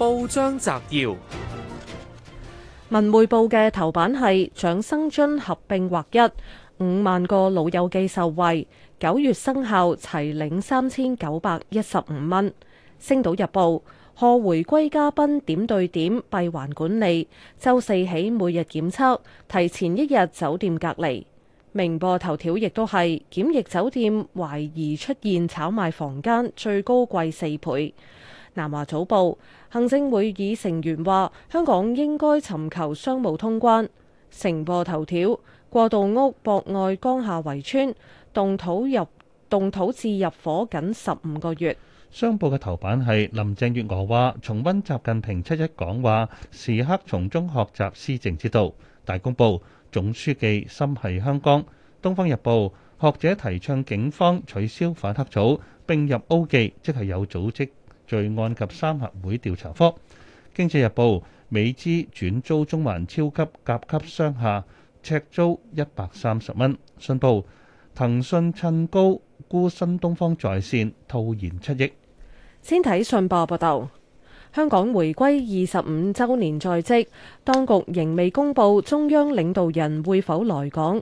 報章摘要：文匯報嘅頭版係長生津合併劃一，五萬個老友記受惠，九月生效，齊領三千九百一十五蚊。星島日報賀回歸嘉賓點對點閉環管理，周四起每日檢測，提前一日酒店隔離。明報頭條亦都係檢疫酒店懷疑出現炒賣房間，最高貴四倍。南華早報，行政會議成員話：香港應該尋求商務通關。成報頭條：過渡屋博愛江夏圍村動土入動土，至入伙僅十五個月。商報嘅頭版係林鄭月娥話重溫習近平七一講話，時刻從中學習施政之道。大公報總書記心繫香港。東方日報學者提倡警方取消反黑組，併入 O 記，即係有組織罪案及三合會調查科。經濟日報美資轉租中環超級甲級商廈，呎租一百三十蚊。信報騰訊趁高沽新東方在線套現七億。先睇信報報道，香港回歸二十五周年在即，當局仍未公布中央領導人會否來港。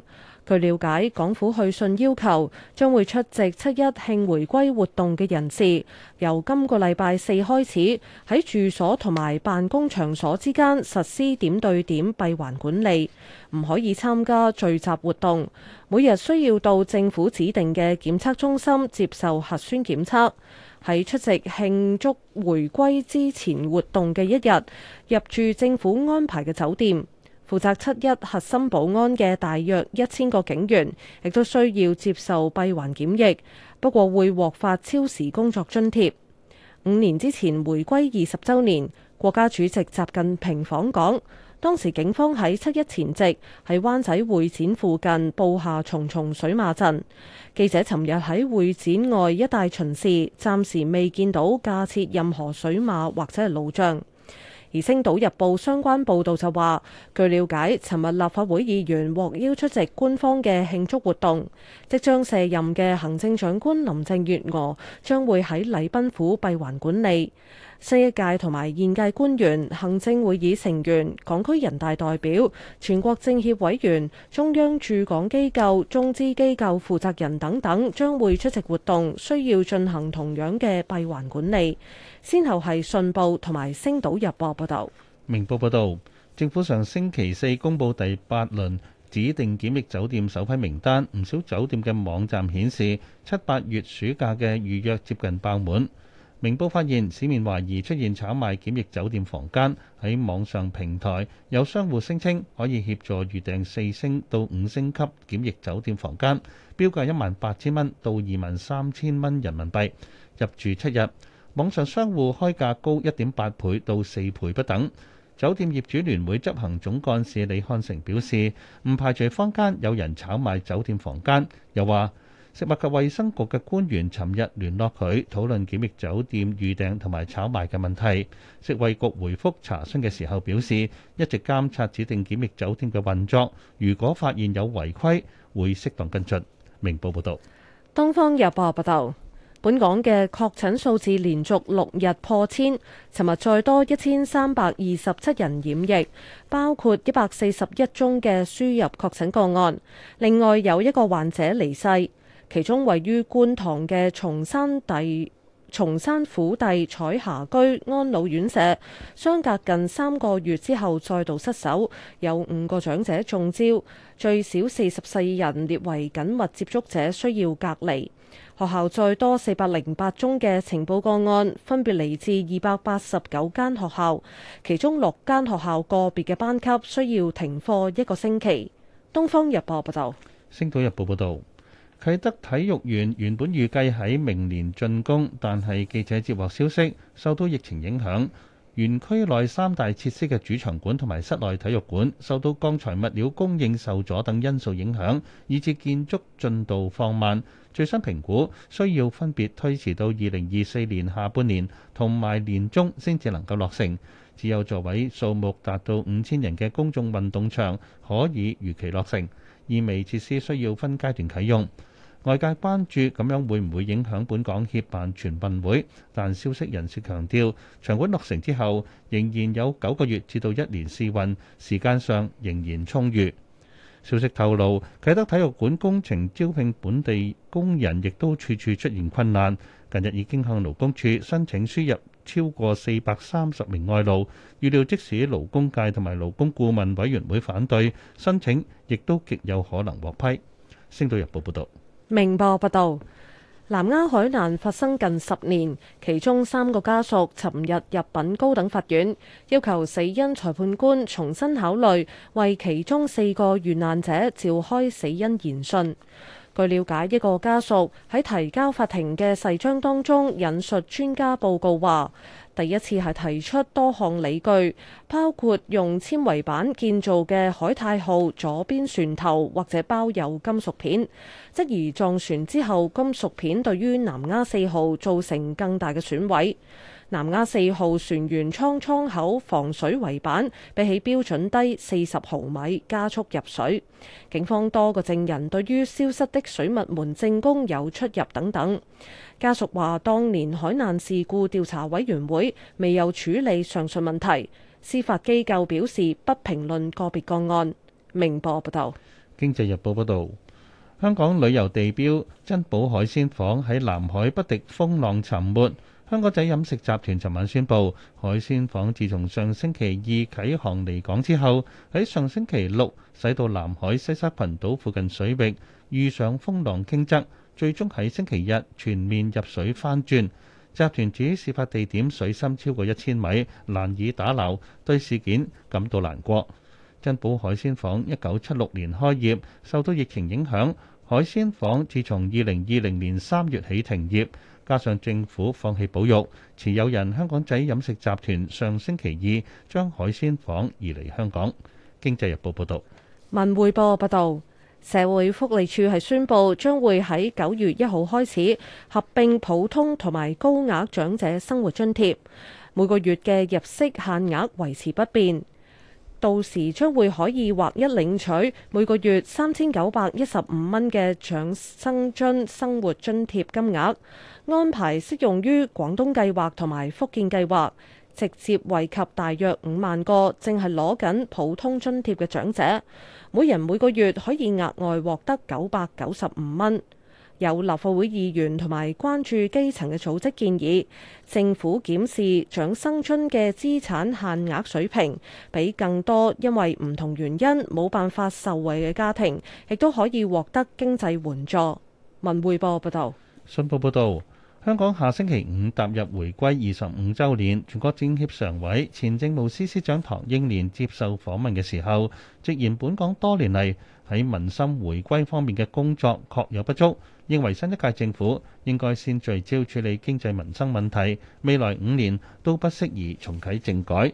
據了解，港府去信要求將會出席七一慶回歸活動嘅人士，由今個禮拜四開始喺住所同埋辦公場所之間實施點對點閉環管理，唔可以參加聚集活動，每日需要到政府指定嘅檢測中心接受核酸檢測，喺出席慶祝回歸之前活動嘅一日入住政府安排嘅酒店。負責七一核心保安嘅大約一千個警員，亦都需要接受閉環檢疫，不過會獲發超時工作津貼。五年之前回歸二十週年，國家主席習近平訪港，當時警方喺七一前夕喺灣仔會展附近布下重重水馬陣。記者尋日喺會展外一帶巡視，暫時未見到架設任何水馬或者路障。而《星島日報》相關報導就話，據了解，尋日立法會議員獲邀出席官方嘅慶祝活動，即將卸任嘅行政長官林鄭月娥將會喺禮賓府閉環管理。新一屆同埋現屆官員、行政會議成員、港區人大代表、全國政協委員、中央駐港機構、中資機構負責人等等，將會出席活動，需要進行同樣嘅閉環管理。先後係信報同埋星島日報報道。明報報道，政府上星期四公佈第八輪指定檢疫酒店首批名單，唔少酒店嘅網站顯示，七八月暑假嘅預約接近爆滿。明報發現，市面懷疑出現炒賣檢疫酒店房間，喺網上平台有商戶聲稱可以協助預訂四星到五星級檢疫酒店房間，標價一萬八千蚊到二萬三千蚊人民幣，入住七日。網上商戶開價高一點八倍到四倍不等。酒店業主聯會執行總幹事李漢成表示，唔排除坊間有人炒賣酒店房間，又話：食物及衛生局嘅官員尋日聯絡佢，討論檢疫酒店預訂同埋炒賣嘅問題。食衛局回覆查詢嘅時候表示，一直監察指定檢疫酒店嘅運作，如果發現有違規，會適當跟進。明報報道。東方日報報道，本港嘅確診數字連續六日破千，尋日再多一千三百二十七人染疫，包括一百四十一宗嘅輸入確診個案，另外有一個患者離世。其中位於觀塘嘅松山第松山府第彩霞居安老院舍，相隔近三個月之後再度失守，有五個長者中招，最少四十四人列為緊密接觸者，需要隔離。學校再多四百零八宗嘅呈報個案，分別嚟自二百八十九間學校，其中六間學校個別嘅班級需要停課一個星期。《東方日報》報道，《星島日報》報道。啟德體育園原本預計喺明年竣工，但係記者接獲消息，受到疫情影響，園區內三大設施嘅主場館同埋室內體育館受到鋼材物料供應受阻等因素影響，以至建築進度放慢。最新評估需要分別推遲到二零二四年下半年同埋年中先至能夠落成，只有座位數目達到五千人嘅公眾運動場可以如期落成，意味設施需要分階段啟用。外界關注咁樣會唔會影響本港協辦全運會，但消息人士強調，場館落成之後仍然有九個月至到一年試運，時間上仍然充裕。消息透露，啟德體育館工程招聘本地工人，亦都處處出現困難。近日已經向勞工處申請輸入超過四百三十名外勞，預料即使勞工界同埋勞工顧問委員會反對申請，亦都極有可能獲批。星島日報報道。明報報道，南丫海難發生近十年，其中三個家屬尋日入禀高等法院，要求死因裁判官重新考慮，為其中四個遇難者召開死因研訊。據了解，一個家屬喺提交法庭嘅誓章當中引述專家報告話，第一次係提出多項理據，包括用纖維板建造嘅海泰號左邊船頭或者包有金屬片，質疑撞船之後金屬片對於南丫四號造成更大嘅損毀。南丫四號船員艙艙口防水圍板比起標準低四十毫米，加速入水。警方多個證人對於消失的水密門證供有出入等等。家屬話：當年海難事故調查委員會未有處理上述問題。司法機構表示不評論個別個案。明報報道。《經濟日報》報道，香港旅遊地標珍寶海鮮舫喺南海不敵風浪沉沒。香港仔飲食集團昨晚宣布，海鮮舫自從上星期二啟航離港之後，喺上星期六使到南海西沙羣島附近水域，遇上風浪傾側，最終喺星期日全面入水翻轉。集團指事發地點水深超過一千米，難以打撈，對事件感到難過。珍寶海鮮舫一九七六年開業，受到疫情影響，海鮮舫自從二零二零年三月起停業。加上政府放棄保育，持有人香港仔飲食集團上星期二將海鮮舫移離香港。經濟日報報道。文匯報報道，社會福利署係宣布將會喺九月一號開始合併普通同埋高額長者生活津貼，每個月嘅入息限額維持不變。到時將會可以劃一領取每個月三千九百一十五蚊嘅長生津生活津貼金額，安排適用於廣東計劃同埋福建計劃，直接惠及大約五萬個正係攞緊普通津貼嘅長者，每人每個月可以額外獲得九百九十五蚊。有立法會議員同埋關注基層嘅組織建議，政府檢視長生津嘅資產限額水平，俾更多因為唔同原因冇辦法受惠嘅家庭，亦都可以獲得經濟援助。文匯報報道：「信報報道，香港下星期五踏入回歸二十五週年，全國政協常委、前政務司司長唐英年接受訪問嘅時候，直言本港多年嚟，喺民心回歸方面嘅工作確有不足，認為新一屆政府應該先聚焦處理經濟民生問題，未來五年都不適宜重啟政改。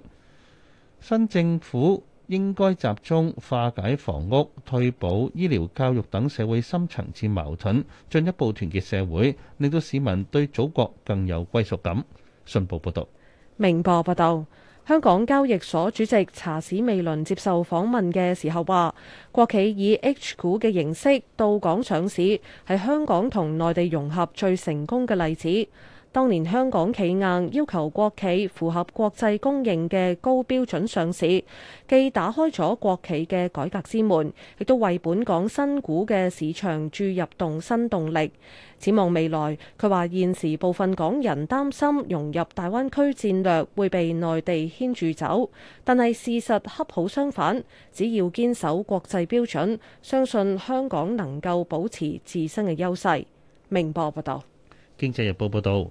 新政府應該集中化解房屋、退保、醫療、教育等社會深層次矛盾，進一步團結社會，令到市民對祖國更有歸屬感。信報報導，明報報導。香港交易所主席查史美倫接受訪問嘅時候話：國企以 H 股嘅形式到港上市，係香港同內地融合最成功嘅例子。當年香港企硬要求國企符合國際公認嘅高標準上市，既打開咗國企嘅改革之門，亦都為本港新股嘅市場注入動新動力。展望未來，佢話現時部分港人擔心融入大灣區戰略會被內地牽住走，但係事實恰好相反，只要堅守國際標準，相信香港能夠保持自身嘅優勢。明報報道。《經濟日報》報道。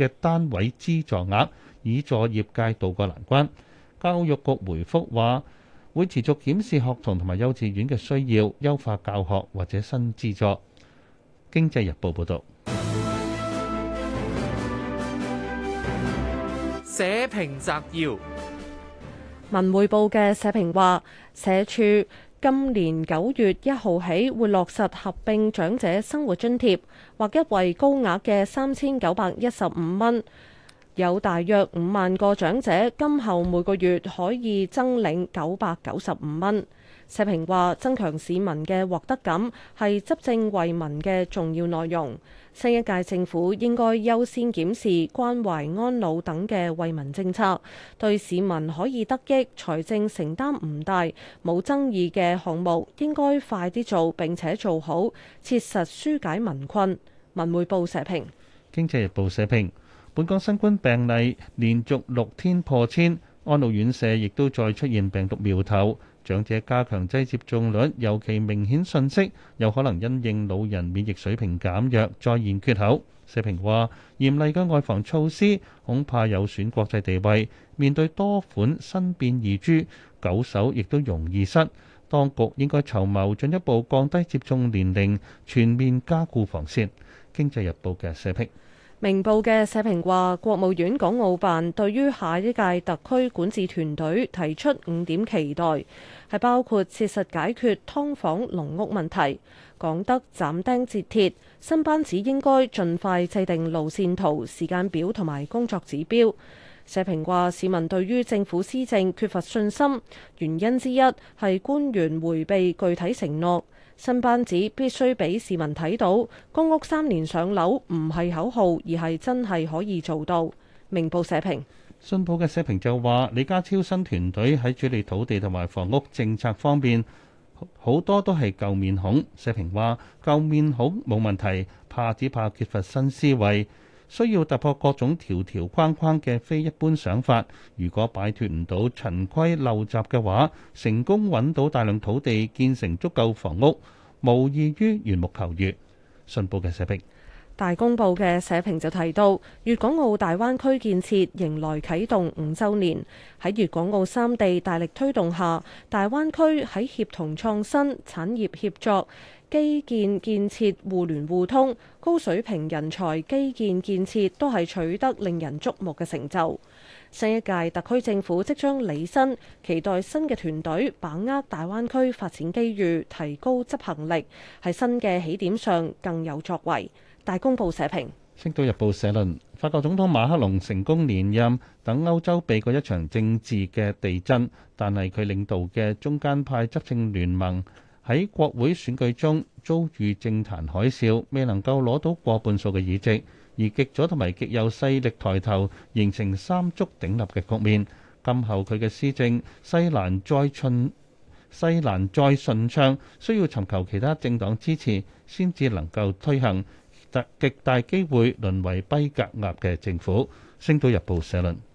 嘅單位資助額以助業界渡過難關。教育局回覆話，會持續檢視學童同埋幼稚園嘅需要，優化教學或者新資助。經濟日報報導。社評摘要：文匯報嘅社評話，社署。今年九月一號起，會落實合併長者生活津貼，劃一為高額嘅三千九百一十五蚊，有大約五萬個長者，今後每個月可以增領九百九十五蚊。社評話：增強市民嘅獲得感係執政為民嘅重要內容。新一屆政府應該優先檢視關懷安老等嘅惠民政策，對市民可以得益、財政承擔唔大、冇爭議嘅項目，應該快啲做並且做好，切實紓解民困。文匯報社評，《經濟日報》社評：本港新冠病例連續六天破千，安老院舍亦都再出現病毒苗頭。長者加強劑接種率尤其明顯訊息，有可能因應老人免疫水平減弱再現缺口。社評話：嚴厲嘅外防措施恐怕有損國際地位，面對多款新變異株，久守亦都容易失。當局應該籌謀進一步降低接種年齡，全面加固防線。經濟日報嘅社評。明報嘅社評話，國務院港澳辦對於下一屆特區管治團隊提出五點期待，係包括切實解決劏房、農屋問題，講得斬釘截鐵，新班子應該盡快制定路線圖、時間表同埋工作指標。社評話：市民對於政府施政缺乏信心，原因之一係官員迴避具體承諾。新班子必須俾市民睇到，公屋三年上樓唔係口號，而係真係可以做到。明報社評，信報嘅社評就話：李家超新團隊喺處理土地同埋房屋政策方面，好多都係舊面孔。社評話：舊面孔冇問題，怕只怕缺乏新思維。需要突破各種條條框框嘅非一般想法。如果擺脱唔到陳規陋習嘅話，成功揾到大量土地建成足夠房屋，無異於緣木求魚。信報嘅社評。大公報嘅社評就提到，粵港澳大灣區建設迎來啟動五週年。喺粵港澳三地大力推動下，大灣區喺協同創新、產業協作。基建建設互聯互通、高水平人才、基建建設都係取得令人矚目嘅成就。新一屆特區政府即將履新，期待新嘅團隊把握大灣區發展機遇，提高執行力，喺新嘅起點上更有作為。大公報社評。《星島日報》社論：法國總統馬克龍成功連任，等歐洲避過一場政治嘅地震，但係佢領導嘅中間派執政聯盟。喺國會選舉中遭遇政壇海嘯，未能夠攞到過半數嘅議席，而極左同埋極右勢力抬頭，形成三足鼎立嘅局面。今後佢嘅施政勢難再順勢難再順暢，需要尋求其他政黨支持先至能夠推行，特極大機會淪為跛腳鴨嘅政府。星島日報社論。